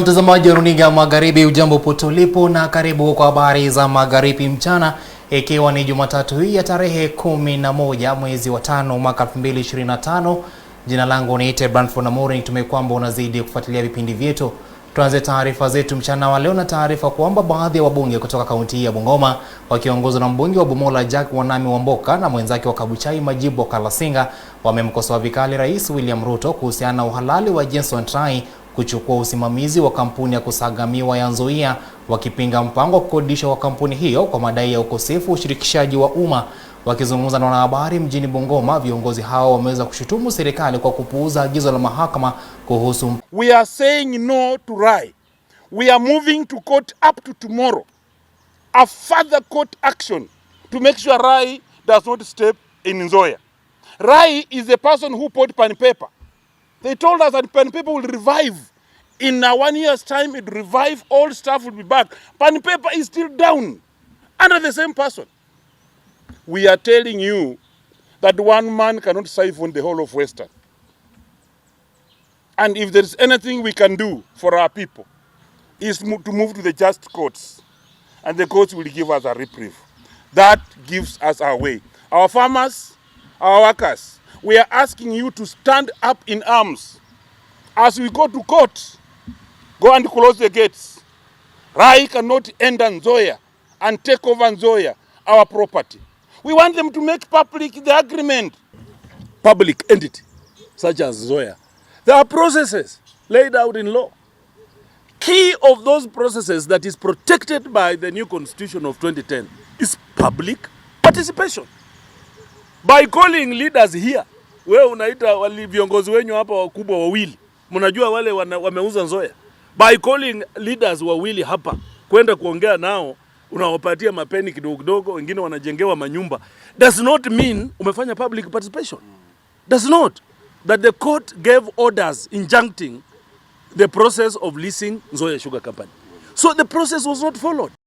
mtazamaji wa runinga Magharibi, ujambo pote ulipo, na karibu kwa habari za Magharibi mchana, ikiwa ni Jumatatu hii ya tarehe 11 mwezi wa tano mwaka 2025. Jina langu niite Branford Namori, nitumai kwamba unazidi kufuatilia vipindi vyetu. Tuanze taarifa zetu mchana wa leo na taarifa kwamba baadhi ya wabunge kutoka kaunti hii ya Bungoma wakiongozwa na mbunge wa Bumula Jack Wanami Wamboka na mwenzake wa Kabuchai Majibo Kalasinga wamemkosoa vikali Rais William Ruto kuhusiana na uhalali wa Jenson Trai kuchukua usimamizi wa kampuni ya kusaga miwa ya Nzoia wakipinga mpango wa kukodisha wa kampuni hiyo kwa madai ya ukosefu ushirikishaji wa umma. Wakizungumza na wanahabari mjini Bungoma, viongozi hao wameweza kushutumu serikali kwa kupuuza agizo la mahakama kuhusu. We are saying no to Rai. We are moving to court up to tomorrow. A further court action to make sure Rai does not step in Nzoia. Rai is a person who put pen paper. They told us that Pan Paper will revive. In a one year's time, it revive, all staff will be back. Pan Paper is still down under the same person. We are telling you that one man cannot siphon the whole of Western. And if there's anything we can do for our people, is to move to the just courts. And the courts will give us a reprieve. That gives us our way. Our farmers, our workers, we are asking you to stand up in arms as we go to court go and close the gates Rai cannot enter Nzoia and take over Nzoia our property we want them to make public the agreement public entity such as Nzoia there are processes laid out in law key of those processes that is protected by the new constitution of 2010 is public participation by calling leaders here. Wewe unaita wali viongozi wenyu hapa wakubwa wawili, mnajua wale wana, wameuza Nzoia. By calling leaders wawili hapa kwenda kuongea nao, unawapatia mapeni kidogo kidogo, wengine wanajengewa manyumba. Does not mean umefanya public participation. Does not that the court gave orders injuncting the process of leasing Nzoia Sugar Company. So the process was not followed.